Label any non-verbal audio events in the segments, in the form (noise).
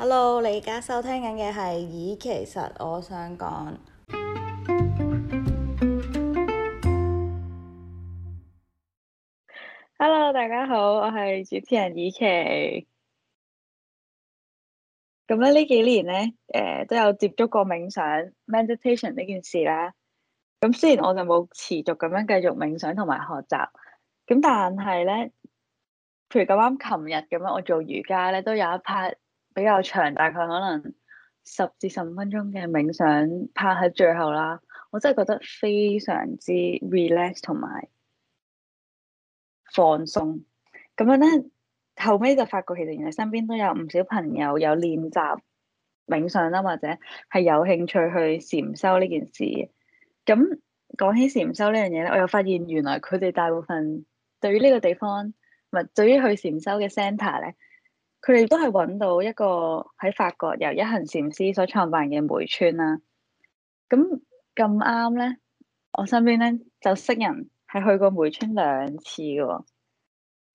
Hello，你而家收聽緊嘅係綺，其實我想講。Hello，大家好，我係主持人綺。咁咧呢幾年咧，誒、呃，都有接觸過冥想 （meditation） 呢件事啦。咁雖然我就冇持續咁樣繼續冥想同埋學習，咁但係咧，譬如咁啱，琴日咁樣我做瑜伽咧，都有一 part。比較長，大概可能十至十五分鐘嘅冥想拍喺最後啦。我真係覺得非常之 relax 同埋放鬆。咁樣咧，後尾就發覺其實原來身邊都有唔少朋友有練習冥想啦，或者係有興趣去禪修呢件事。咁講起禪修呢樣嘢咧，我又發現原來佢哋大部分對於呢個地方，唔係對於去禪修嘅 centre e 咧。佢哋都係揾到一個喺法國由一行禪師所創辦嘅梅村啦、啊。咁咁啱咧，我身邊咧就識人係去過梅村兩次嘅。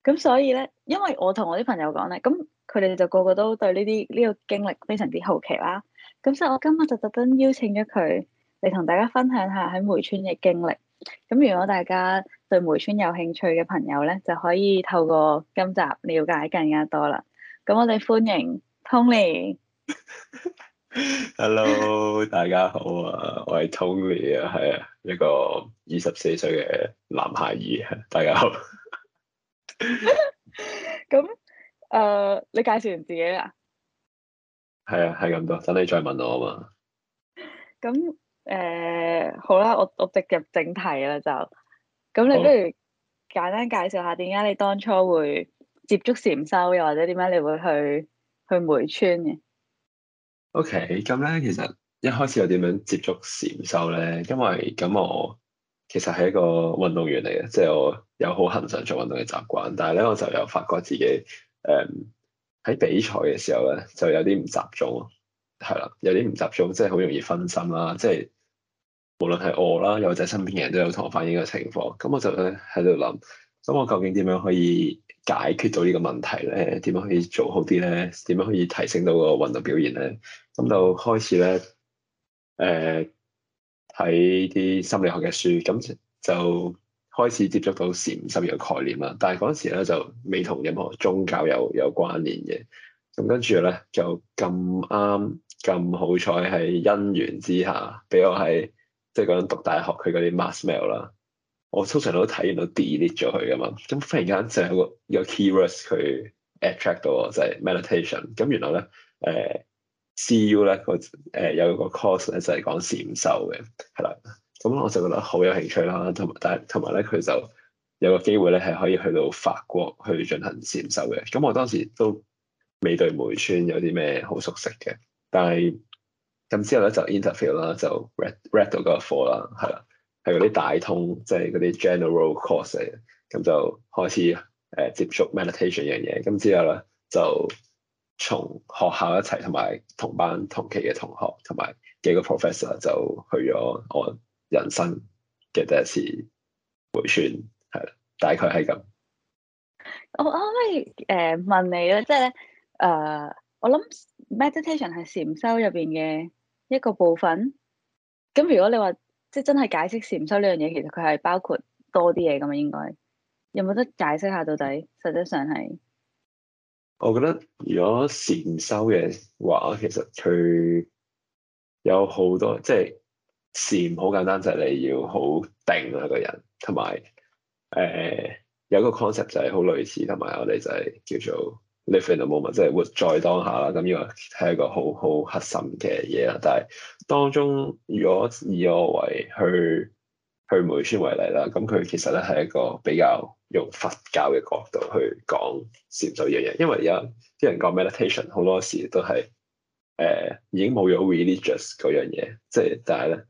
咁所以咧，因為我同我啲朋友講咧，咁佢哋就個個都對呢啲呢個經歷非常之好奇啦、啊。咁所以，我今日就特登邀請咗佢嚟同大家分享下喺梅村嘅經歷。咁如果大家對梅村有興趣嘅朋友咧，就可以透過今集了解更加多啦。咁我哋歡迎 Tony。Hello，大家好啊！我係 Tony 啊，係一個二十四歲嘅男孩兒，大家好。咁， (laughs) (laughs) 誒、呃，你介紹完自己啦。係啊，係咁多，等你再問我啊嘛。咁，誒、呃，好啦，我我直入正題啦，就，咁你不如簡單介紹下點解你當初會接觸禪修又或者點解你會去去梅村嘅？OK，咁咧其實一開始我點樣接觸禪修咧？因為咁我其實係一個運動員嚟嘅，即係我有好恆常做運動嘅習慣。但係咧我就有發覺自己誒喺比賽嘅時候咧就有啲唔集中，係啦，有啲唔集中，即係好容易分心啦。即係無論係我啦，又或者身邊嘅人都有同我反映嘅情況。咁我就咧喺度諗。咁我究竟點樣可以解決到呢個問題咧？點樣可以做好啲咧？點樣可以提升到個運動表現咧？咁就開始咧，誒、呃，睇啲心理學嘅書，咁就開始接觸到禪修嘅概念啦。但係嗰陣時咧就未同任何宗教有有關聯嘅。咁跟住咧就咁啱咁好彩喺姻緣之下，俾我喺即係嗰陣讀大學佢嗰啲 mass mail 啦。我通常都睇到 delete 咗佢㗎嘛，咁忽然間就有個有個 key words 去 attract 到我就係、是、meditation，咁原來咧誒、呃、CU 咧個誒有一個 course 咧就係、是、講禪修嘅，係啦，咁我就覺得好有興趣啦，同埋但係同埋咧佢就有個機會咧係可以去到法國去進行禪修嘅，咁我當時都未對梅村有啲咩好熟悉嘅，但係咁之後咧就 interview 啦，就 read read 到嗰個課啦，係啦。係嗰啲大通，即係嗰啲 general course 嚟嘅，咁就開始誒、呃、接觸 meditation 樣嘢。咁之後咧就從學校一齊同埋同班同期嘅同學同埋幾個 professor 就去咗我人生嘅第一次回旋，係大概係咁。我可唔可以誒、呃、問你咧，即係咧誒，我諗 meditation 係禪修入邊嘅一個部分。咁如果你話，即係真係解釋禪修呢樣嘢，其實佢係包括多啲嘢噶嘛，應該有冇得解釋下到底實際上係？我覺得如果禪修嘅話，其實佢有好多即係禪，好簡單就係、是、你要好定啊個人，同埋誒有、呃、有一個 concept 就係好類似，同埋我哋就係叫做。live in a moment，即係活在當下啦。咁呢個係一個好好核心嘅嘢啦。但係當中，如果以我為去去梅村為例啦，咁佢其實咧係一個比較用佛教嘅角度去講禪修一樣嘢。因為而家啲人講 meditation，好多時都係誒、呃、已經冇咗 religious 嗰樣嘢。即係但係咧，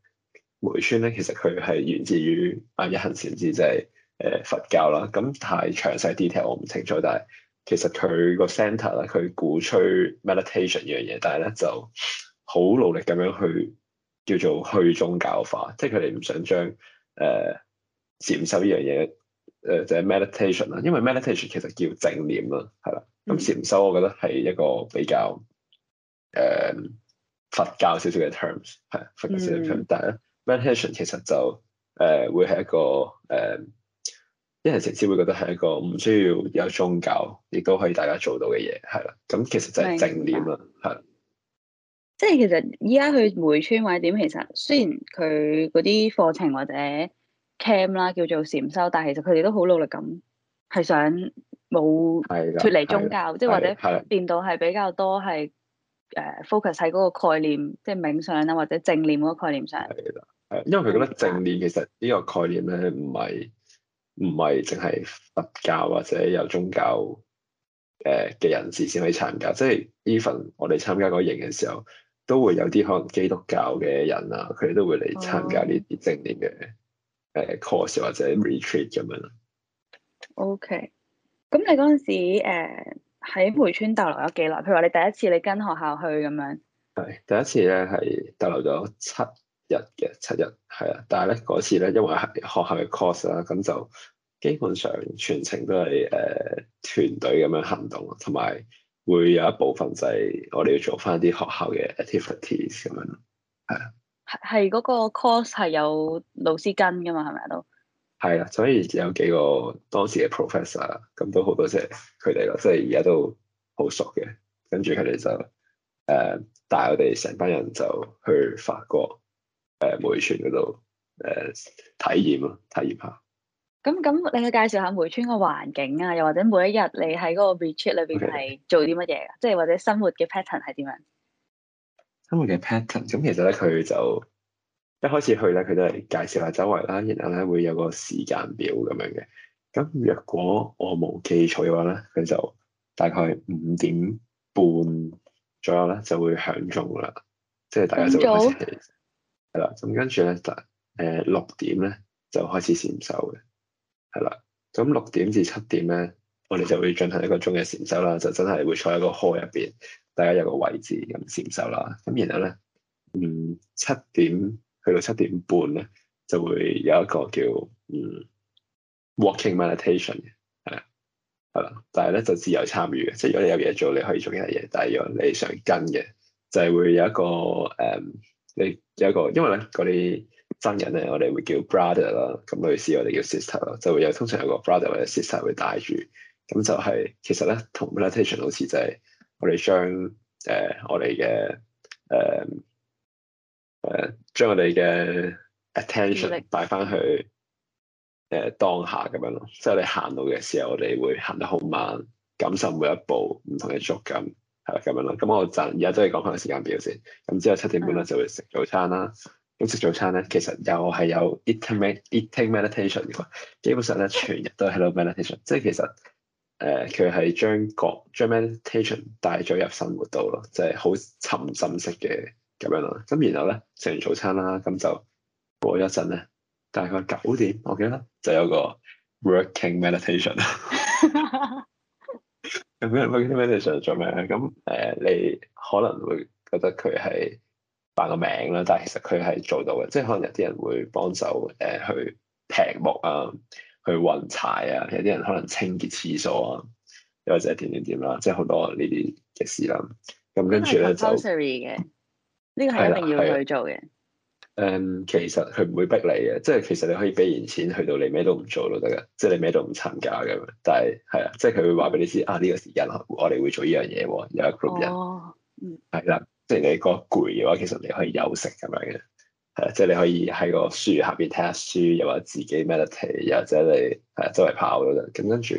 梅村咧其實佢係源自於阿一行禪師，即係誒佛教啦。咁太詳細 detail 我唔清楚，但係。其實佢個 centre 咧，佢鼓吹 meditation 呢樣嘢，但係咧就好努力咁樣去叫做去宗教化，即係佢哋唔想將誒禪修呢樣嘢誒就係、是、meditation 啦，因為 meditation 其實叫正念啦，係啦。咁禪、嗯、修我覺得係一個比較誒、呃、佛教少少嘅 terms，係佛教少少 terms，但係 meditation 其實就誒、呃、會係一個誒。呃啲人直接會覺得係一個唔需要有宗教，亦都可以大家做到嘅嘢，係啦。咁其實就係正念啦，係。冥想。即係其實依家去梅村或者點，其實雖然佢嗰啲課程或者 camp 啦叫做禪修，但係其實佢哋都好努力咁係想冇脫離宗教，即係或者變到係比較多係誒 focus 喺嗰個概念，即係冥想啊或者正念嗰個概念上。係啦，因為佢覺得正念其實呢個概念咧唔係。唔係淨係佛教或者有宗教誒嘅人士先可以參加，即係 even 我哋參加嗰營嘅時候，都會有啲可能基督教嘅人啊，佢都會嚟參加呢啲正念嘅誒 course 或者 retreat 咁樣。Oh，或者 retreat 咁樣啦。OK，咁你嗰陣時喺梅村逗留咗幾耐？譬如話你第一次你跟學校去咁樣，係第一次咧係逗留咗七日嘅七日係啊，但係咧嗰次咧，因為係學校嘅 course 啦，咁就基本上全程都係誒團隊咁樣行動，同埋會有一部分就係我哋要做翻啲學校嘅 activities 咁樣，係啊，係嗰個 course 係有老師跟噶嘛，係咪都係啦，所以有幾個當時嘅 professor，咁都好多謝佢哋咯，即係而家都好熟嘅，跟住佢哋就誒帶、呃、我哋成班人就去法國。誒梅村嗰度誒體驗咯，體驗，體驗下。咁咁，你去介紹下梅村嘅環境啊，又或者每一日你喺嗰個 retreat 裏邊係做啲乜嘢？即係 Okay. 或者生活嘅 pattern 係點樣？生活嘅 pattern，咁其實咧佢就一開始去咧，佢都係介紹下周圍啦，然後咧會有個時間表咁樣嘅。咁若果我冇記錯嘅話咧，佢就大概五點半左右咧就會響鐘啦，即係大家就會開始早。係啦，咁跟住咧就誒六點咧就開始禪修嘅。係啦，咁六點至七點咧，我哋就會進行一個鐘嘅禪修啦，就真係會坐喺個 hall 入邊，大家有個位置咁禪修啦，咁然後咧，嗯七點去到七點半咧，就會有一個叫嗯 walking meditation 嘅。係啦，係啦，但係咧就自由參與嘅，即、就、係、是、如果你有嘢做你可以做其他嘢，但係如果你想跟嘅，就係會有一個誒。嗯你有一個，因為咧嗰啲真人咧，我哋會叫 brother 啦，咁類似我哋叫 sister 咯，就會有通常有個 brother 或者 sister 會帶住，咁就係、是、其實咧同 meditation 好似就係我哋將誒、呃、我哋嘅誒誒將我哋嘅 attention 帶翻去誒、呃、當下咁樣咯，即、就、係、是、我哋行路嘅時候，我哋會行得好慢，感受每一步唔同嘅觸感。係啦，咁樣咯。咁我陣而家都係講下時間表先。咁之後七點半咧就會食早餐啦。咁食、嗯、早餐咧，其實又係有 eating eating meditation 嘅。基本上咧，全日都係喺度 meditation，即係其實誒，佢係將個將 meditation 帶咗入生活度咯，即係好沉浸式嘅咁樣咯。咁然後咧食完早餐啦，咁就過咗一陣咧，大概九點，我記得就有個 working meditation。 (laughs) 咁啲人 working meditation 做咩咧？咁誒、嗯，你可能會覺得佢係扮個名啦，但係其實佢係做到嘅。即係可能有啲人會幫手誒去劈木啊，去運柴啊，有啲人可能清潔廁所啊，又或者點點點啦，即係好多、嗯、呢啲嘅事啦。咁跟住咧嘅呢個係一定要去做嘅。誒，um, 其實佢唔會逼你嘅，即係其實你可以俾完錢去到你咩都唔做都得嘅，即係你咩都唔參加嘅。但係係啊，即係佢會話俾你知啊呢個時間我哋會做呢樣嘢，有一 group 人，係啦、哦嗯，即係你覺得攰嘅話，其實你可以休息咁樣嘅，係即係你可以喺個樹下邊睇下書，又或者自己 melody，又或者你周圍跑都得，咁跟住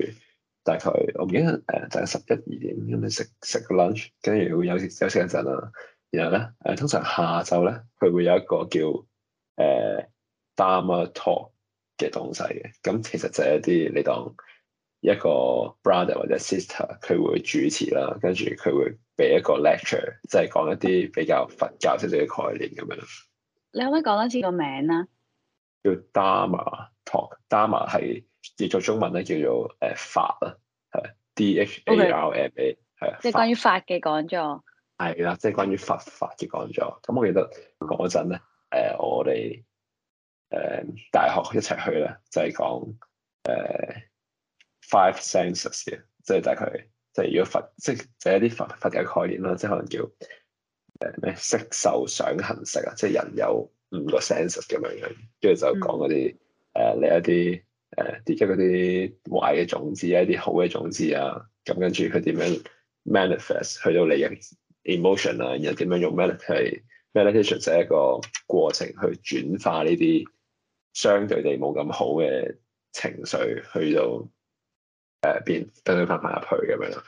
大概我記得誒大概十一二點，咁樣食食個 lunch，跟住會休息休息一陣啦。然後咧，誒，通常下晝咧，佢會有一個叫誒、呃、Dharma Talk 嘅東西嘅。咁其實就係一啲你當一個 brother 或者 sister，佢會主持啦，跟住佢會俾一個 lecture，即係講一啲比較佛教性質嘅概念咁樣。你可唔可以講多次個名啊？叫 Dharma Talk，Dharma 係譯作中文咧叫做誒、呃、法啊，係 D-H-A-R-M-A 係啊，即係關於法嘅講座。講係啦，即係關於佛法嘅講座。咁我記得嗰陣咧，誒、呃、我哋誒、呃、大學一齊去咧，就係講誒 five senses 啊，即係大概即係、就是、如果佛即係就一啲佛佛嘅概念啦，即係可能叫誒咩色受想行識啊，即係人有五個 senses 咁樣樣，跟住就講嗰啲誒你一啲誒啲即係嗰啲壞嘅種子啊，一啲好嘅種子啊，咁跟住佢點樣 manifest 去到你嘅。emotion 啊，然後點樣用咩咧？係 meditation 就係一個過程，去轉化呢啲相對地冇咁好嘅情緒，去到誒變等等翻翻入去咁樣。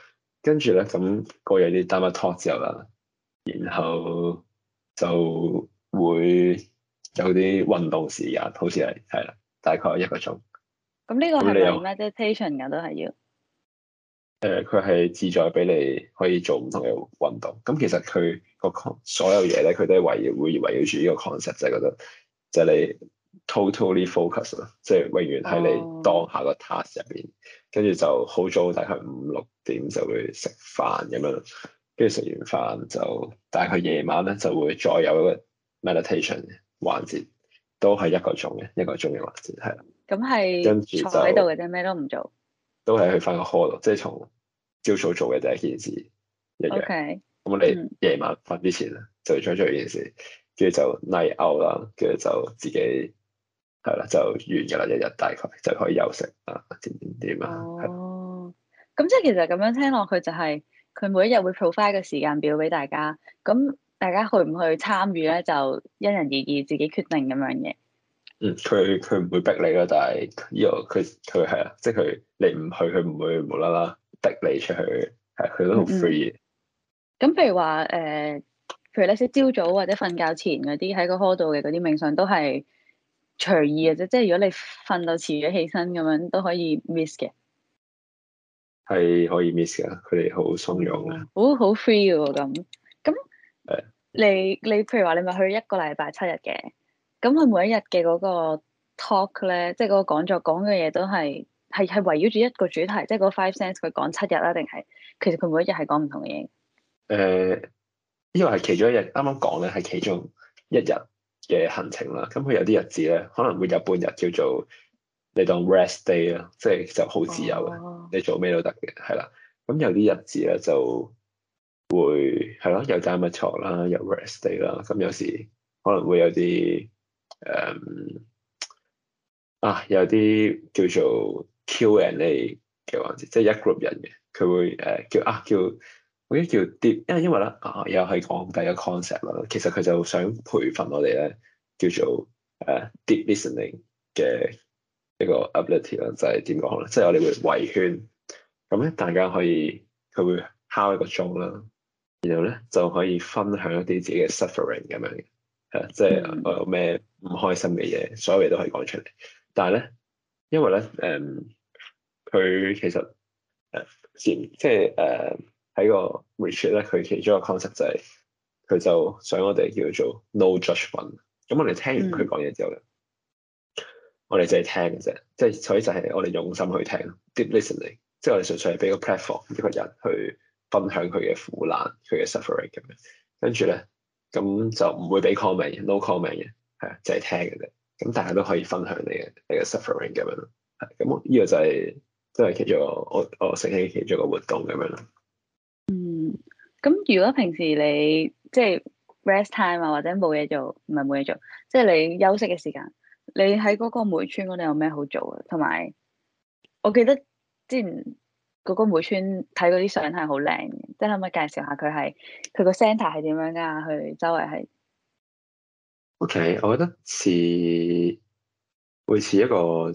跟住咧，咁過咗啲 dharma talk 之後啦，然後就會有啲運動時間，好似係係啦，大概一個鐘。咁呢、嗯這個係咪 meditation 噶、嗯？都係要。誒，佢係、呃、自在俾你可以做唔同嘅運動。咁其實佢、嗰個所有嘢咧，佢都係圍繞會圍繞住呢個 concept，就係、係、覺得就係、你 totally focus 咯，即係永遠喺你當下個 task 入邊。跟住、哦、就好早，大概五六點就會食飯咁樣。跟住食完飯就，但係佢夜晚咧就會再有一個 meditation 環節，都係一個鐘嘅一個鐘嘅環節，係啦。咁係跟住就坐喺度嘅啫，咩都唔做。都係去翻個 hall 咯，即係從朝早做嘅第一件事一樣。咁我哋夜晚瞓之前、嗯、就要再做呢件事，跟住就 night out 啦，跟住就自己係啦就完嘅啦，一日大概就可以休息啊點點點啊。哦，咁的即係其實咁樣聽落去就係佢每一日會 provide 個時間表俾大家，咁大家去唔去參與咧就因人而異，自己決定咁樣嘢。佢佢唔會逼你咯，但係依個佢佢係啊，即係佢你唔去，佢唔會無啦啦逼你出去，係佢都好 free。咁、嗯、譬如話誒、呃，譬如你即朝早或者瞓覺前嗰啲，喺個 hall 度嘅嗰啲冥想都係隨意嘅啫。即係如果你瞓到遲咗起身咁樣，都可以 miss 嘅。係可以 miss 噶，佢哋好鬆容啊，好、嗯，好 free 嘅咁咁。係。你的你，你譬如話你咪去一個禮拜七日嘅。咁佢每一日嘅嗰個 talk 咧，即係嗰個講座講嘅嘢都係係係圍繞住一個主題，即係嗰 five sense 佢講七日啦，定係其實佢每一日係講唔同嘅嘢？誒、呃，呢個係其中一日，啱啱講咧係其中一日嘅行程啦。咁佢有啲日子咧，可能會有半日叫做你當 rest day 啦，即係就好自由嘅，哦、你做咩都得嘅，係啦。咁有啲日子咧就會係咯，有 Day of Mindfulness 啦，有 rest day 啦。咁有時可能會有啲。誒、um, 啊呃，啊，有啲叫做 Q&A 嘅環節，即係一 group 人嘅，佢會誒叫啊叫，我啲叫 deep，因為因為咧又係講第一 concept 啦，其實佢就想培訓我哋咧，叫做誒、啊、Deep Listening 嘅一個 ability 啦，就係點講咧，即係我哋會圍圈，咁咧大家可以佢會敲一個鐘啦，然後咧就可以分享一啲自己嘅 suffering 咁樣係即係我有咩唔開心嘅嘢，所有嘢都可以講出嚟。但係咧，因為咧，誒、嗯，佢其實誒，先，即係誒，喺、就是啊、個 retreat 咧，佢其中一個 concept 就係、是，佢就想我哋叫做 no judgment。咁我哋聽完佢講嘢之後咧，嗯、我哋就係聽嘅啫，即係所以就係我哋用心去聽，deep listening。即係我哋純粹係俾個 platform 俾個人去分享佢嘅苦難，佢嘅 suffering 咁樣，跟住咧。咁就唔會俾 comment no comment 嘅，係啊，就係聽嘅啫。咁但係都可以分享你嘅，你嘅 suffering 咁樣咯。係，咁依個就係都係其中我我成立其中個活動咁樣咯。嗯，咁如果平時你即係 rest time 啊，或者冇嘢做，唔係冇嘢做，即係你休息嘅時間，你喺嗰個梅村嗰度有咩好做啊？同埋我記得之前。嗰個梅村睇嗰啲相係好靚嘅，即係可唔可以介紹下佢係佢個 centre 係點樣㗎？佢周圍係，OK，我覺得似會似一個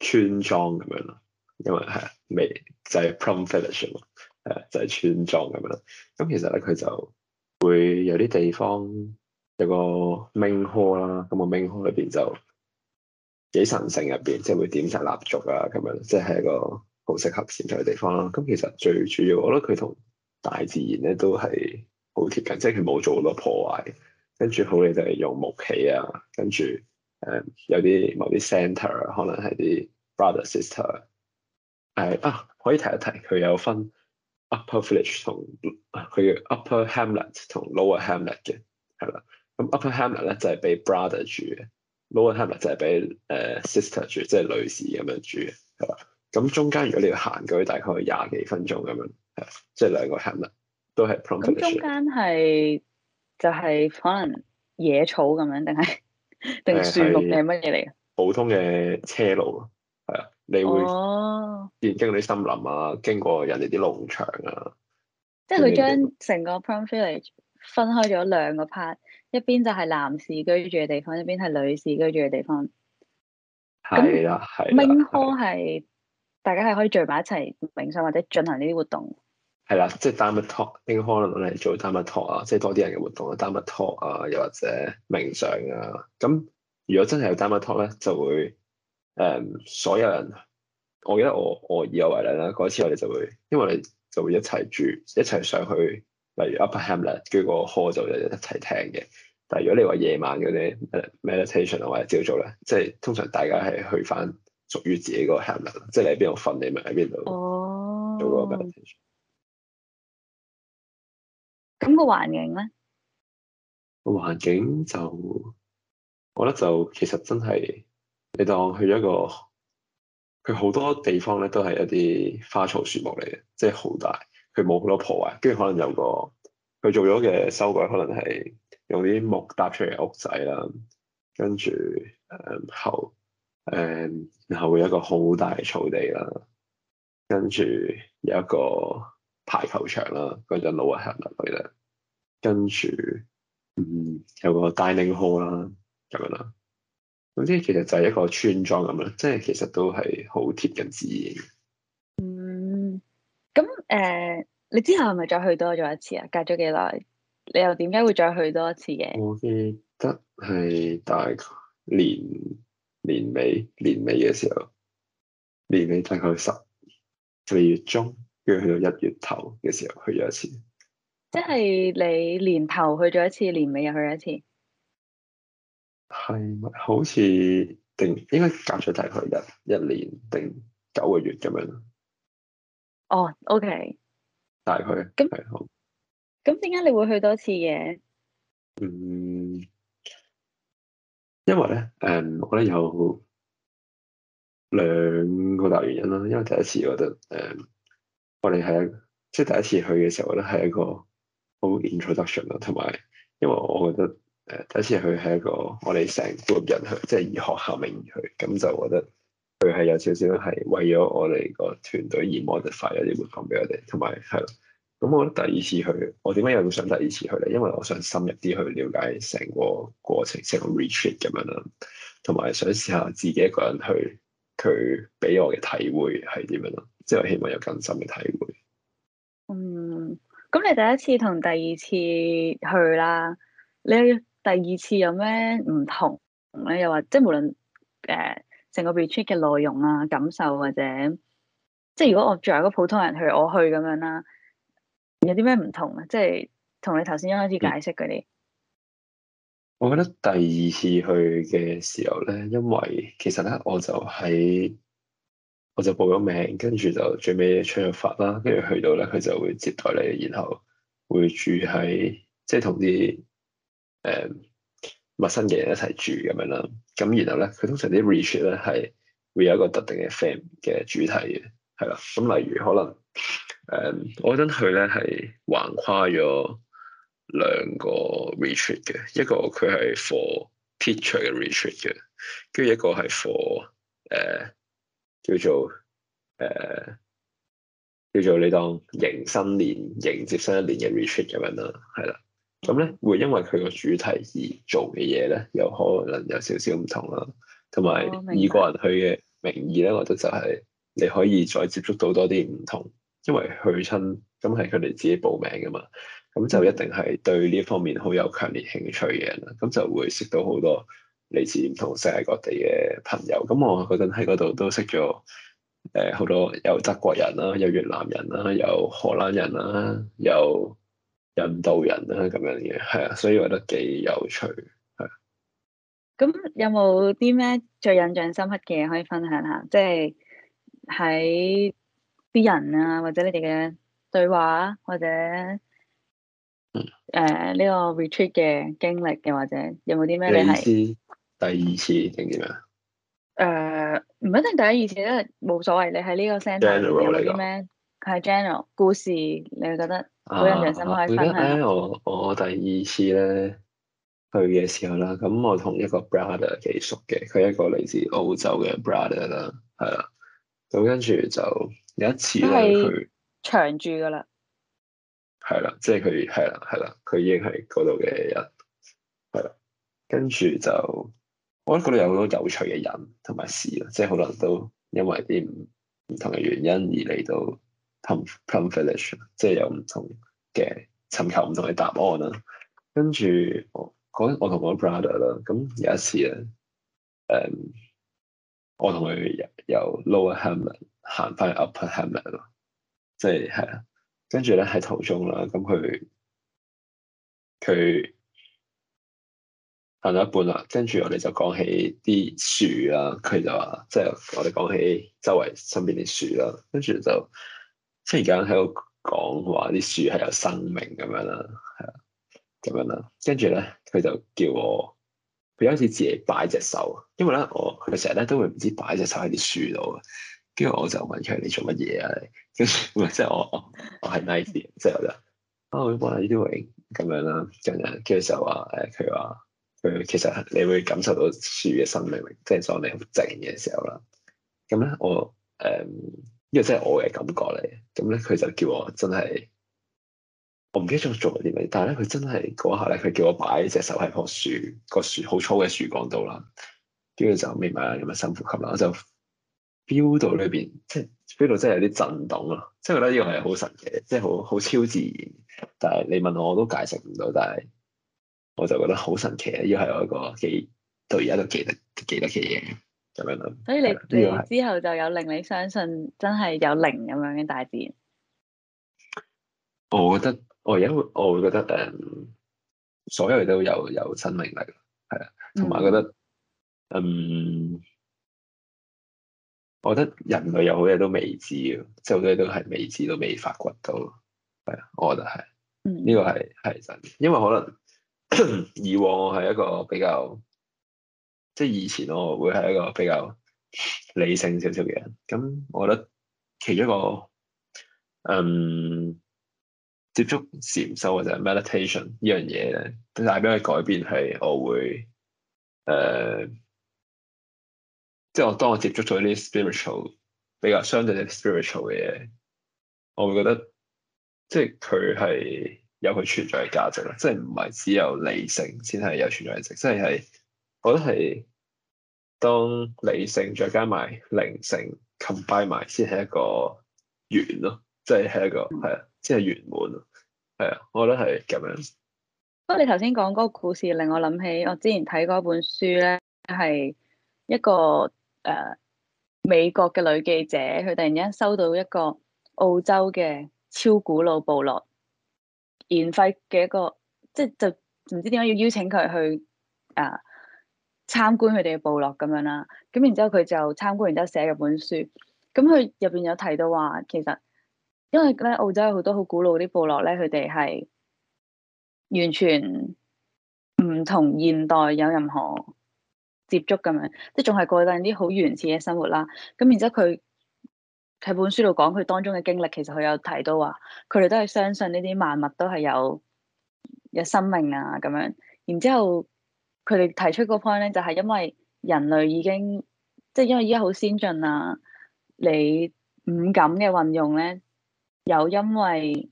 村莊咁樣咯，因為係未就係、是、Plum Village 嘛，誒就係、是、村莊咁樣。咁其實咧佢就會有啲地方有個 main hall 啦，咁個 main hall 裏邊就幾神聖，入邊，即係會點晒蠟燭啊咁樣，即係一個。好適合潛在嘅地方啦。咁其實最主要，我覺得佢同大自然咧都係好貼近，即係佢冇做好多破壞。跟住好你就係、是、用木器啊，跟住誒有啲某啲 center 可能係啲 brother sister 誒啊，可以提一提佢有分 upper village 同佢嘅 upper hamlet 同 lower hamlet 嘅，係啦。咁 upper hamlet 咧就係、是、俾 brother 住嘅，lower hamlet 就係俾誒 sister 住，即、就、係、是、女士咁樣住嘅，係啦。咁中間如果你要行過去大概廿幾分鐘咁樣，係即係兩個行啦、啊，都係咁中間係就係、是、可能野草咁樣定係定樹木定乜嘢嚟？是普通嘅車路咯，係啊，你會哦，oh. 經過啲森林啊，經過人哋啲農場啊，即係佢將成個 Plum Village 分開咗兩個 part，一邊就係男士居住嘅地方，一邊係女士居住嘅地方。係啊，係。明窩係。大家係可以聚埋一齊冥想或者進行呢啲活動，係啦，即係 dharma talk，應該可能我哋做 dharma talk 啊？即係多啲人嘅活動，dharma talk 啊，又或者冥想啊。咁如果真係有 dharma talk 咧，就會誒、嗯、所有人，我記得我我以我為例啦，嗰次我哋就會因為我哋就會一齊住一齊上去，例如 Upper Hamlet，叫個 hall 就一齊聽嘅。但係如果你話夜晚嗰啲 meditation 啊或者朝早咧，即係通常大家係去翻。屬於自己嗰個 camp 即係你喺邊度瞓，你咪喺邊度。哦、oh.。做個 mentation。咁個環境咧？個環境就，我覺得就其實真係，你當去咗一個，佢好多地方咧都係一啲花草樹木嚟嘅，即係好大，佢冇好多破壞，跟住可能有個佢做咗嘅修改，可能係用啲木搭出嚟嘅屋仔啦，跟住誒後。誒，And，然後會有一個好大草地啦，跟住有一個排球場啦，嗰陣老啊行啊去哋，跟住嗯有個 dining hall 啦，咁樣啦，總之其實就係一個村莊咁樣，即係其實都係好貼近自然。嗯，咁誒、呃，你之後係咪再去多咗一次啊？隔咗幾耐？你又點解會再去多一次嘅？我記得係大概。年尾、年尾嘅時候，年尾大概十十二月中，跟住去到一月頭嘅時候去咗一次。即係你年頭去咗一次，年尾又去咗一次。係咪？好似定應該隔咗大概一一年定九個月咁樣哦、oh，OK 大約。大概咁好。咁點解你會去多次嘅？嗯。因為咧，誒，我覺得有兩個大原因啦。因為第一次我覺得我，誒，我哋係即係第一次去嘅時候，我覺得係一個好 introduction 啦。同埋，因為我覺得，誒，第一次去係一個我哋成組人去，即係以學校名義去，咁就我覺得佢係有少少係為咗我哋個團隊而 modify 一啲活動俾我哋，同埋係。咁我覺得第二次去，我點解又要想第二次去咧？因為我想深入啲去了解成個過程，成個 retreat 咁樣啦，同埋想試下自己一個人去，佢俾我嘅體會係點樣咯，即係我希望有更深嘅體會。嗯，咁你第一次同第二次去啦，你第二次有咩唔同咧？又話即係無論誒成個 retreat 嘅內容啊、感受或者，即係如果我作為一個普通人去，我去咁樣啦。有啲咩唔同啊？即係同你頭先一開始解釋嗰啲，我覺得第二次去嘅時候咧，因為其實咧我就喺，我就報咗名，跟住就最尾出咗發啦，跟住去到咧佢就會接待你，然後會住喺即係同啲誒陌生嘅人一齊住咁樣啦。咁然後咧佢通常啲 retreat 咧係會有一個特定嘅 theme 嘅主題嘅，係啦。咁例如可能。誒，um, 我覺得佢咧係橫跨咗兩個 retreat 嘅，一個佢係 for teacher 嘅 retreat 嘅，跟住一個係 for 誒、呃、叫做誒、呃、叫做你當迎新年迎接新一年嘅 retreat 咁樣啦。係啦，咁、嗯、咧會因為佢個主題而做嘅嘢咧，有可能有少少唔同啦。同埋以個人去嘅名義咧，我覺得就係你可以再接觸到多啲唔同。因為去親咁係佢哋自己報名噶嘛，咁就一定係對呢方面好有強烈興趣嘅人啦。咁就會識到好多來自唔同世界各地嘅朋友。咁我嗰陣喺嗰度都識咗誒好多有德國人啦，有越南人啦，有荷蘭人啦，有印度人啦咁樣嘅，係啊，所以我覺得幾有趣。係。咁有冇啲咩最印象深刻嘅嘢可以分享下？即係喺。啲人啊，或者你哋嘅對話，或者誒呢、嗯呃呢個 retreat 嘅經歷，又或者有冇啲咩你先？你第二次定點樣？誒唔、呃、一定第二次啦，冇所謂。你喺呢個 centre 嚟嘅，係 general 故事，啊、你覺得好印象深刻。係我我第二次咧去嘅時候啦，咁我同一個 brother 幾熟嘅，佢一個嚟自澳洲嘅 brother 啦，係啦，咁跟住就。有一次咧，佢長住噶啦，係啦，即係佢係啦，係啦，佢已經係嗰度嘅人，係啦，跟住就我覺得嗰度有好多有趣嘅人同埋事啊，即係可能都因為啲唔同嘅原因而嚟到 Plum Village， (laughs) 即係有唔同嘅尋求唔同嘅答案啦。跟住我講，我同我 brother 啦，咁有一次咧，誒、嗯，我同佢又 Lower Hamlet。行翻去 Upper Hamlet 咯、就是，即係係啊，跟住咧喺途中啦，咁佢佢行到一半啦，跟住我哋就講起啲樹啊，佢就話即係、就是、我哋講起周圍身邊啲樹啦，跟住就即係而家喺度講話啲樹係有生命咁樣啦，係啊，咁樣啦，跟住咧佢就叫我，佢一開始自己擺隻手，因為咧我佢成日咧都會唔知擺隻手喺啲樹度。跟住我就問佢：你做乜嘢啊？跟住即係我我我係 nice 嘅，即係我就啊，我幫下呢啲泳咁樣啦，咁樣。跟住就話誒，佢話佢其實你會感受到樹嘅生命力，即係當你好靜嘅時候啦。咁咧我誒呢個真係我嘅感覺嚟。咁咧佢就叫我真係我唔記得咗做咗啲乜，但係咧佢真係嗰下咧，佢叫我擺隻手喺樖樹個樹好粗嘅樹幹度啦。跟住就咪埋咁樣深呼吸啦，我就。feel 到裏邊，即係 feel 到真係有啲震動咯，即係覺得呢個係好神奇，即係好好超自然，但係你問我我都解釋唔到，但係我就覺得好神奇啊！呢個係我一個記到而家都記得記得嘅嘢，咁樣咯。所以你，這個、你之後就有令你相信真係有靈咁樣嘅大自然？我覺得我而家我會覺得誒，um, 所有都有有生命力，係啊，同埋我覺得、um, 嗯。我覺得人類有好多嘢都未知嘅，即係好多嘢都係未知，都未發掘到，係啊，我覺得係，呢、這個係係真嘅，因為可能 (coughs) 以往我係一個比較，即係以前我會係一個比較理性少少嘅人，咁我覺得其中一個嗯接觸禪修或者 meditation 呢樣嘢咧，帶俾佢改變係我會誒。呃即係我當我接觸咗啲 spiritual 比較相對嘅 spiritual 嘅嘢，我會覺得即係佢係有佢存在嘅價值咯。即係唔係只有理性先係有存在嘅價值，即係係我覺得係當理性再加埋靈性 combine 埋先係一個圓咯，即係係一個係、嗯、啊，即係圓滿咯，係啊，我覺得係咁樣。不過你頭先講嗰個故事令我諗起我之前睇嗰本書咧，係一個。誒、呃，美國嘅女記者，佢突然間收到一個澳洲嘅超古老部落延費嘅一個，即係就唔知點解要邀請佢去啊參、呃、觀佢哋嘅部落咁樣啦。咁然之後佢就參觀完之後寫咗本書。咁佢入邊有提到話，其實因為咧澳洲有好多好古老啲部落咧，佢哋係完全唔同現代有任何。接觸咁樣，即仲係過緊啲好原始嘅生活啦。咁然之後佢喺本書度講佢當中嘅經歷，其實佢有提到話，佢哋都係相信呢啲萬物都係有有生命啊咁樣。然之後佢哋提出個 point 咧，就係因為人類已經即係因為而家好先進啦，你五感嘅運用咧，有因為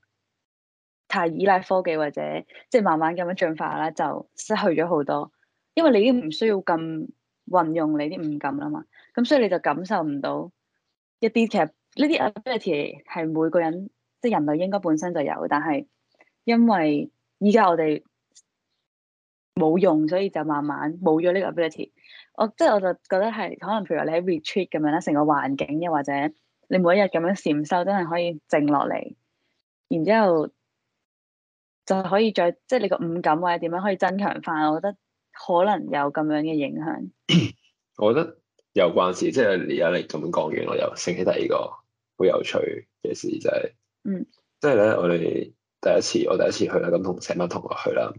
太依賴科技或者即係慢慢咁樣進化啦，就失去咗好多。因為你已經唔需要咁運用你啲五感啦嘛，咁所以你就感受唔到一啲，其實呢啲 ability 係每個人即係人類應該本身就有，但係因為依家我哋冇用，所以就慢慢冇咗呢個 ability。我即係我就覺得係可能譬如話你喺 retreat 咁樣啦，成個環境又或者你每一日咁樣禪修，真係可以靜落嚟，然之後就可以再即係你個五感或者點樣可以增強翻。我覺得。可能有咁樣嘅影響 (coughs) ，我覺得有關事，即係而家你咁講完，我又醒起第二個好有趣嘅事就係，是，嗯，即係咧我哋第一次，我第一次去啦，咁同成班同學去啦，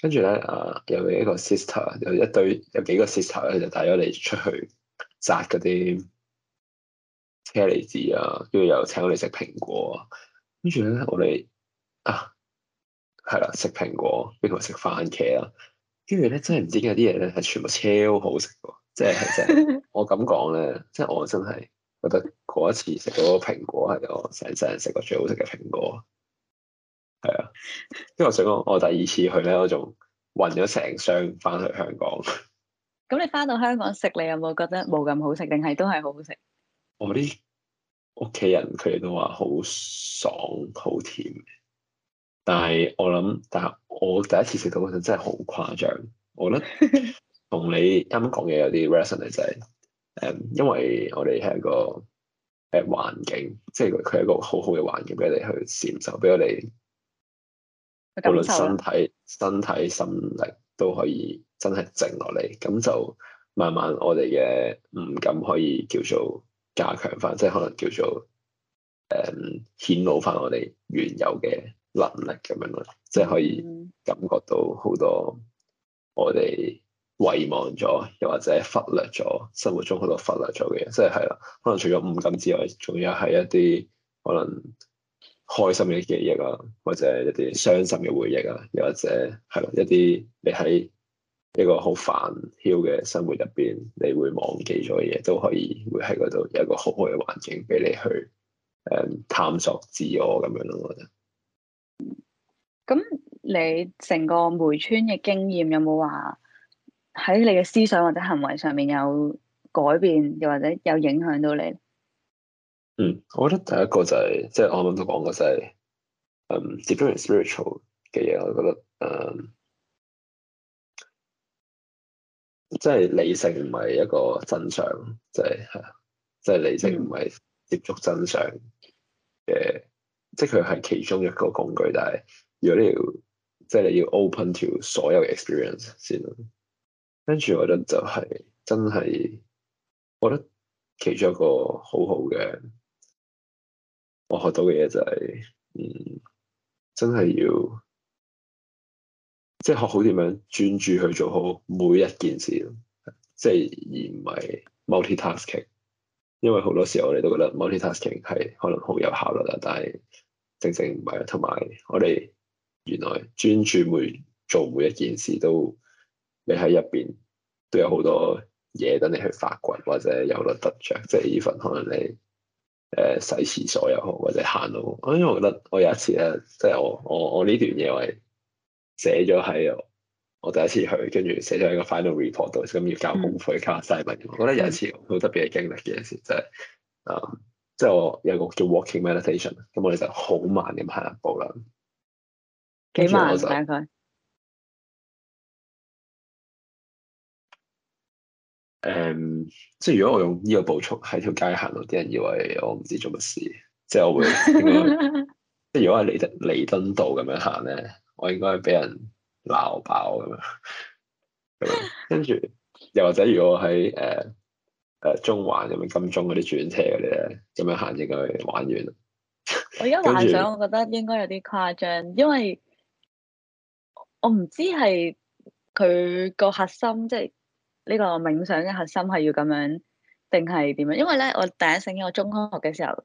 跟住咧啊，有一個 sister，有一堆有幾個 sister 咧，就帶咗你出去摘嗰啲車厘子啊，跟住又請我哋食蘋果，跟住咧我哋啊，係啦，食蘋果，邊個食番茄啊？跟住咧，真係唔知有啲嘢咧，係全部超好食，即係即係。 (laughs) 我咁講咧，即係我真係覺得嗰一次食嗰個蘋果係我成世人食過最好食嘅蘋果。係啊，因為我想講，我第二次去咧，我仲運咗成箱翻去香港。咁 (laughs) 你翻到香港食，你有冇覺得冇咁好食？定係都係好好食？我啲屋企人佢哋都話好爽，好甜。但係我諗，但係我第一次食到嗰陣真係好誇張。我諗同 (laughs) 你啱啱講嘅有啲 reason 嘅就係、是，誒、嗯，因為我哋係一個誒環境，即係佢係一個好好嘅環境俾你去禪修，俾我哋無論身體、身體、心力都可以真係靜落嚟，咁就慢慢我哋嘅唔敢可以叫做加強翻，即、就、係、是、可能叫做誒顯、嗯、露翻我哋原有嘅。能力咁樣咯，即係可以感覺到好多我哋遺忘咗，又或者忽略咗生活中好多忽略咗嘅嘢，即係係啦。可能除咗唔感之外，仲有係一啲可能開心嘅記憶啊，或者一啲傷心嘅回憶啊，又或者係咯一啲你喺一個好煩囂嘅生活入邊，你會忘記咗嘅嘢，都可以會喺嗰度有一個好好嘅環境俾你去誒探索自我咁樣咯，我覺得。咁你成個梅村嘅經驗有冇話喺你嘅思想或者行為上面有改變，又或者有影響到你？嗯，我覺得第一個就係即係我諗都講過，就係 different spiritual 嘅嘢，我覺得嗯，即係理性唔係一個真相，即係係即係理性唔係接觸真相嘅，即係佢係其中一個工具，但係。如果你要即係、就是、你要 open to 所有 experience 先咯，跟住我覺得就係、是、真係，我覺得其中一個好好嘅，我學到嘅嘢就係、是、嗯，真係要即係、就是、學好點樣專注去做好每一件事咯，即、就、係、是、而唔係 multitasking，因為好多時候我哋都覺得 multitasking 係可能好有效率啦，但係正正唔係，同埋我哋。原來專注每做每一件事都，都你喺入邊都有好多嘢等你去發掘，或者有得得着。即係呢份，可能你誒、呃、洗廁所又好，或者行路。因為我覺得我有一次咧，即係我我我呢段嘢我係寫咗喺我第一次去，跟住寫咗喺個 final report 度。咁、就是、要交功課，交 assignment、嗯、s 我覺得有一次好特別嘅經歷嘅事，就係、是、啊，即係我有個叫 walking meditation。咁我哋就好慢咁行一步啦。幾萬大概？誒，um, 即係如果我用呢個步速喺條街行路，啲人以為我唔知做乜事，即係我會。 (laughs) 即係如果係彌敦道咁樣行咧，我應該俾人鬧爆咁樣。跟住， (laughs) 又或者如果喺誒誒中環咁樣金鐘嗰啲轉車嗰啲咧，咁樣行應該玩完。我而家幻想，我覺得應該有啲誇張， (laughs) 著因為。我唔知係佢個核心，即係呢個冥想嘅核心係要咁樣定係點樣？因為咧，我第一醒起我中學嘅時候，誒、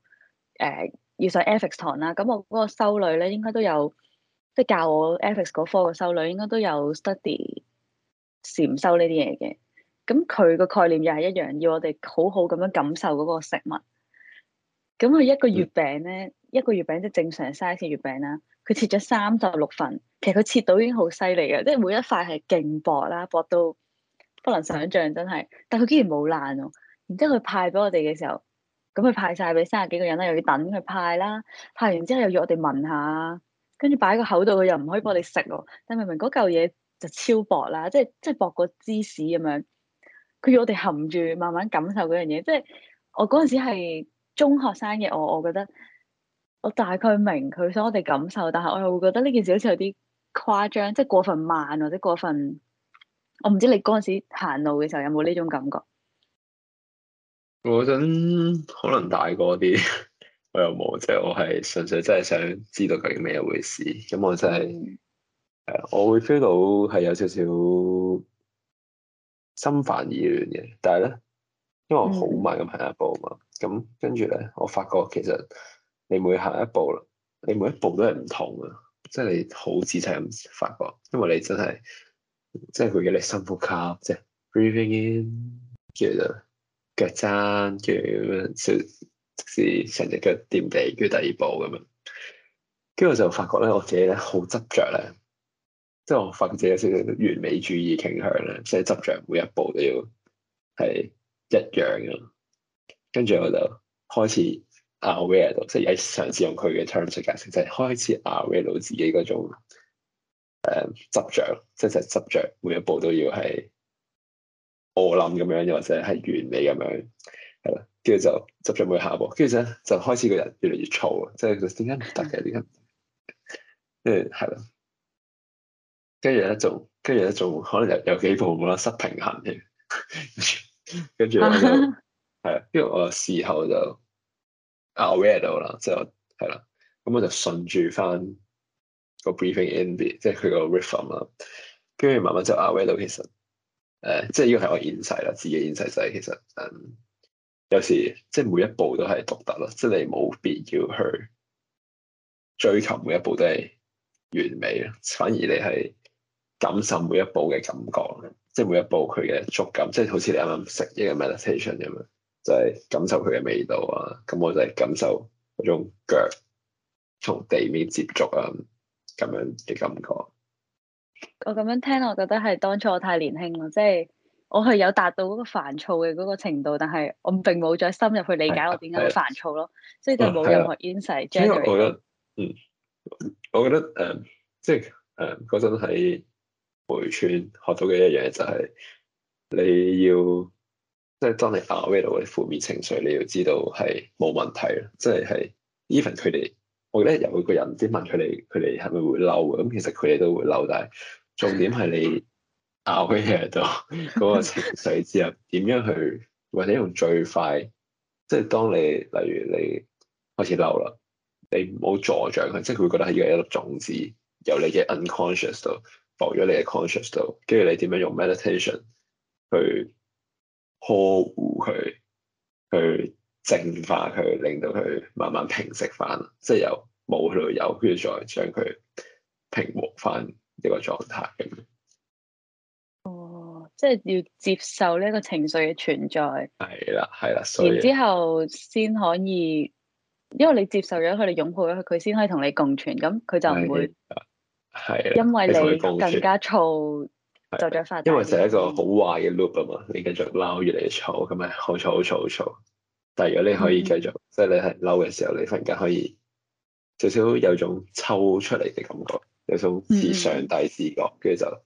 呃、要上 ethics 堂啦。咁我嗰個修女咧，應該都有即係教我 ethics 嗰科嘅修女，應該都有 study 禪修呢啲嘢嘅。咁佢個概念又係一樣，要我哋好好咁樣感受嗰個食物。咁佢一個月餅咧，嗯、一個月餅即係正常的 size 嘅月餅啦。佢切咗三十六份，其實佢切到已經好犀利嘅，即係每一塊係勁薄啦，薄到不能想象，真係。但佢竟然冇爛喎，啊。然之後佢派俾我哋嘅時候，咁佢派晒俾三十幾個人啦，又要等佢派啦，啊。派完之後又叫我哋聞下，跟住擺個口度，佢又唔可以幫我哋食喎。但明明嗰嚿嘢就超薄啦，啊，即係即係薄過芝士咁樣。佢要我哋含住慢慢感受嗰樣嘢，即係我嗰陣時係中學生嘅我，我覺得。我大概明佢想我哋感受，但係我又會覺得呢件事好似有啲誇張，即係過分慢或者過分。我唔知你嗰陣時行路嘅時候有冇呢種感覺？我嗰陣可能大個啲，我又冇，即係我係純粹真係想知道究竟咩一回事。咁我真、就、係、是，誒、嗯呃，我會 feel 到係有少少心煩意亂嘅。但係咧，因為我好慢咁行一步啊嘛，咁跟住咧，我發覺其實。你每下一步啦，你每一步都係唔同啊！即係你好仔細咁發覺，因為你真係，即係佢叫你深呼吸，即係 breathing in，跟住就腳踭，跟住咁樣，即係成隻腳掂地，跟住第二步咁樣。跟住我就發覺咧，我自己咧好執着咧，即係我發覺自己有啲完美主義傾向咧，即係執着每一步都要係一樣嘅。跟住我就開始，aware 到，of, 即係嘗試用佢嘅 terms 去解釋，就係、是、開始 aware 到自己嗰種誒執、uh, 著，即係執著，每一步都要係我諗咁樣，又或者係完美咁樣，係啦，跟住就執著每一下步，跟住咧就開始個人越嚟越燥，即係點解唔得嘅？點解？跟住係啦，跟住咧就，跟住咧就可能有有幾步冇得失平衡添， (laughs) 著 (laughs) 跟住我就係， (laughs) 因為我事後就。Aware 到啦，即係係啦，咁我就順住翻個 breathing in 嘅，即係佢個 rhythm 啦。跟住慢慢就 Aware 到，其實誒、呃，即係呢個係我現世啦，自己現世就係其實，嗯、有時即係每一步都係獨特咯，即係你冇必要去追求每一步都係完美咯，反而你係感受每一步嘅感覺，即係每一步佢嘅觸感，即係好似你啱啱食呢個 meditation 咁樣。就係感受佢嘅味道啊，咁我就係感受嗰種腳從地面接觸啊，咁樣嘅感覺。我咁樣聽，我覺得係當初我太年輕咯，即、就、係、是、我係有達到嗰個煩躁嘅嗰個程度，但係我並冇再深入去理解我點解會煩躁咯，即、啊啊啊、所以就冇任何 insight、啊啊、genre 我覺得，嗯，我覺得誒，即係誒嗰陣喺梅村學到嘅一樣嘢就係、是、你要。即係當你 aware 到啲負面情緒，你要知道係冇問題咯。即係係 even 佢哋，我咧有個人先問佢哋，佢哋係咪會嬲？咁其實佢哋都會嬲，但係重點係你 aware 到嗰個情緒之後，點樣去或者用最快，即係當你例如你開始嬲啦，你唔好助長佢，即係佢會覺得係一一粒種子，由你嘅 unconscious 度放咗你嘅 conscious 度，跟住你點樣用 meditation 去。呵護佢，去淨化佢，令到佢慢慢平息翻，即係由冇去到有，跟住再將佢平和翻呢個狀態咁哦，即係要接受呢一個情緒嘅存在。係啦，係啦，所然之後先可以，因為你接受咗佢，你擁抱咗佢，佢先可以同你共存。咁佢就唔會係，因為你更加燥。因為就係一個好壞嘅 loop 啊嘛，mm hmm. 你繼續嬲越嚟越嘈，咁咪好嘈好嘈好嘈。但係如果你可以繼續，mm hmm. 即係你係嬲嘅時候，你瞬間可以少少有種抽出嚟嘅感覺，有種似上帝視角，跟住、mm hmm. 就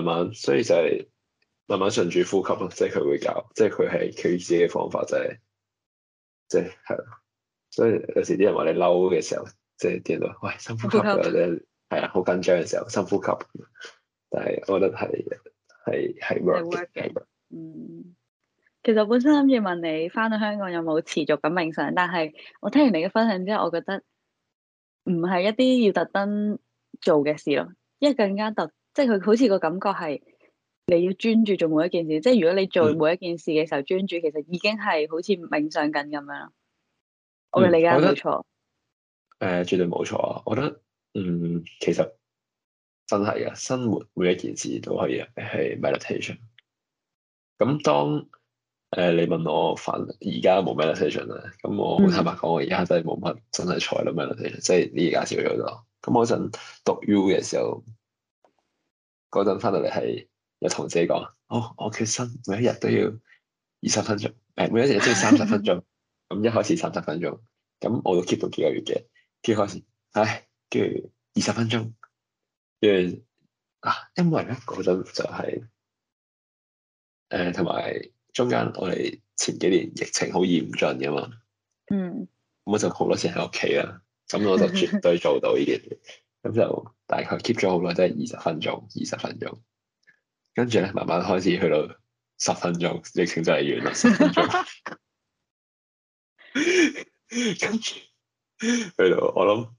慢慢，所以就係慢慢順住呼吸咯、mm hmm.。即係佢會教，即係佢係佢自己嘅方法，即係即係，所以有時啲人話你嬲嘅時候，即係啲人話喂，深呼吸啊，'ll 即係係啊，好緊張嘅時候深呼吸。但係，我覺得係係係 work 嘅。嗯，其實本身諗住問你返到香港有冇持續咁冥想，但係我聽完你嘅分享之後，我覺得唔係一啲要特登做嘅事咯。因為更加特，即係佢好似個感覺係你要專注做每一件事。即係如果你做每一件事嘅時候、嗯、專注，其實已經係好似冥想緊咁樣。我嘅理解冇、嗯、錯。誒、呃，絕對冇錯。我覺得，嗯，其實。真係嘅，生活每一件事都可以係 meditation。咁當誒、呃、你問我發而家冇 meditation 咧，咁我坦白講，我而家真係冇乜真係彩咯 meditation，即係而家少咗。咁我陣讀 U 嘅時候，嗰陣翻到嚟係有同自己講，好、哦，我決心每一日都要二十分鐘，誒，每一日都要三十分鐘。咁 (laughs) 一開始三十分鐘，咁我都 keep 到幾個月嘅。幾開始，唉，跟住二十分鐘。原啊，因為咧嗰陣就係、是、誒，同、呃、埋中間我哋前幾年疫情好嚴峻嘅嘛，嗯，咁我就好多時喺屋企啦，咁我就絕對做到呢啲嘢，咁 (laughs) 就大概 keep 咗好耐，都係二十分鐘，二十分鐘，跟住咧慢慢開始去到十分鐘，疫情真係完啦，十分鐘，跟住 (laughs) (laughs) 去到我諗。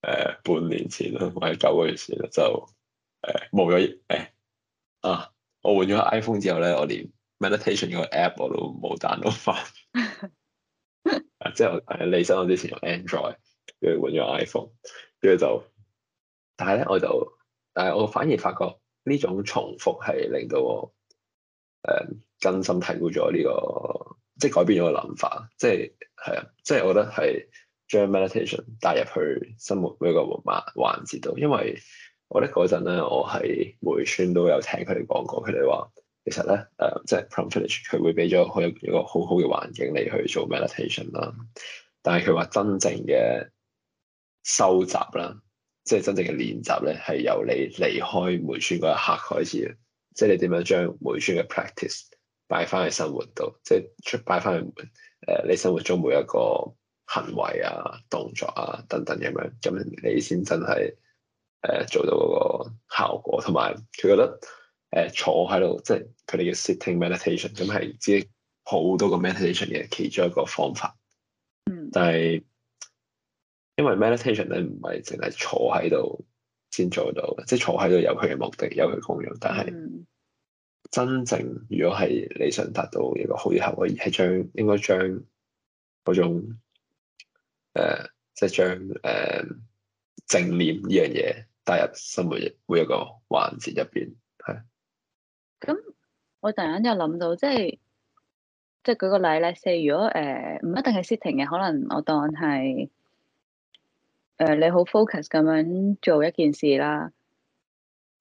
誒、呃，半年前啦，唔係九個月前啦，就誒，冇咗誒啊！我換咗 iPhone 之後咧，我連 meditation 個 app 我都冇 download 翻。即係李生，我之前用 Android，跟住換咗 iPhone，跟住就，但係咧，我就，但係我反而發覺呢種重複係令到誒，真、呃、心提高咗呢、這個，即係改變咗個諗法，即係係啊，即係我覺得係。將 meditation 帶入去生活每一個環環節度，因為我咧嗰陣咧，我喺梅村都有聽佢哋講過，佢哋話其實咧，誒、呃，即係 Plum Village 佢會俾咗好一個好好嘅環境你去做 meditation 啦。但係佢話真正嘅修習啦，即係真正嘅練習咧，係由你離開梅村嗰一刻開始，即係你點樣將梅村嘅 practice 擺翻去生活度，即係擺翻去誒、呃、你生活中每一個。行為啊、動作啊等等咁樣，咁你先真係誒、呃、做到嗰個效果，同埋佢覺得誒、呃、坐喺度，即係佢哋叫 sitting meditation，咁係知好多個 meditation 嘅其中一個方法。嗯、但係因為 meditation 咧唔係淨係坐喺度先做到，即係坐喺度有佢嘅目的、有佢嘅功用，但係、嗯、真正如果係你想達到一個好嘅效果，而係將應該將嗰種。誒、呃，即係將誒正念呢樣嘢帶入生活嘅每一個環節入邊，係。咁、嗯、我突然間又諗到，即係即係舉個例嚟 say 如果誒唔、呃、一定係 sitting 嘅，可能我當係誒、呃、你好 focus 咁樣做一件事啦。